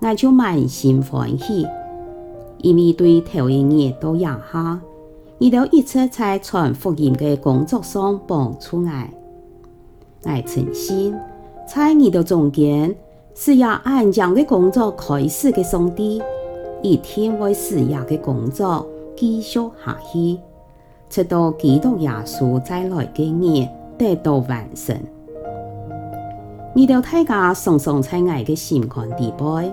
我就滿心歡喜，因為對頭一年都養好，你都一直在全福音的工作上放出來。我誠心，在你到中間是要按將嘅工作開始的上帝，一天為事業的工作繼續下去，直到基督耶穌再來嘅日得到完成。你都大家想想，親愛嘅心肝底背。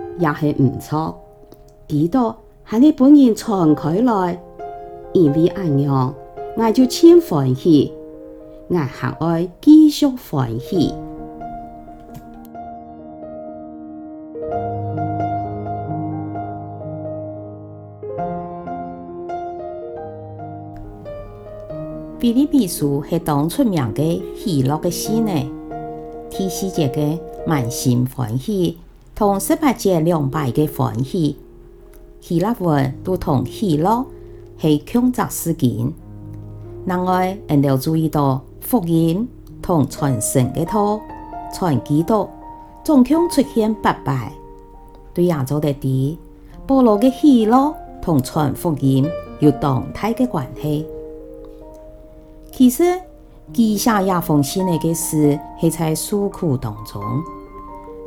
也是唔錯，幾多喺你本人敞開來，因為恁樣，我就千歡喜，我下愛繼續歡喜。比里比書係當出名個喜樂嘅心呢，提示一個滿心歡喜。同十八者兩敗嘅關係，希臘文都同希臘係創作事件。另外，一定要注意到福音同傳承嘅托傳基督，狀況出現失敗，對亞洲嚟講，保羅嘅希臘同傳福音有動態嘅關係。其實，記下亞逢寫呢個詩係在訴苦當中。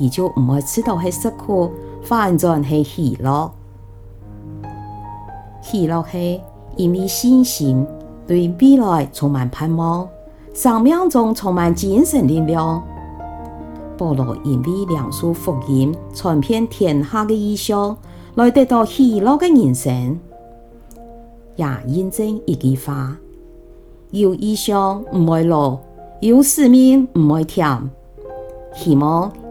你就唔會知道係失去，反轉係喜樂。喜樂係因為信心，對未來充滿盼望，生命中充滿精神力量。不如因為兩叔福音，傳遍天下嘅異象，來得到喜樂嘅人生。也印證一句話：有異象唔會落，有使命唔會甜。希望。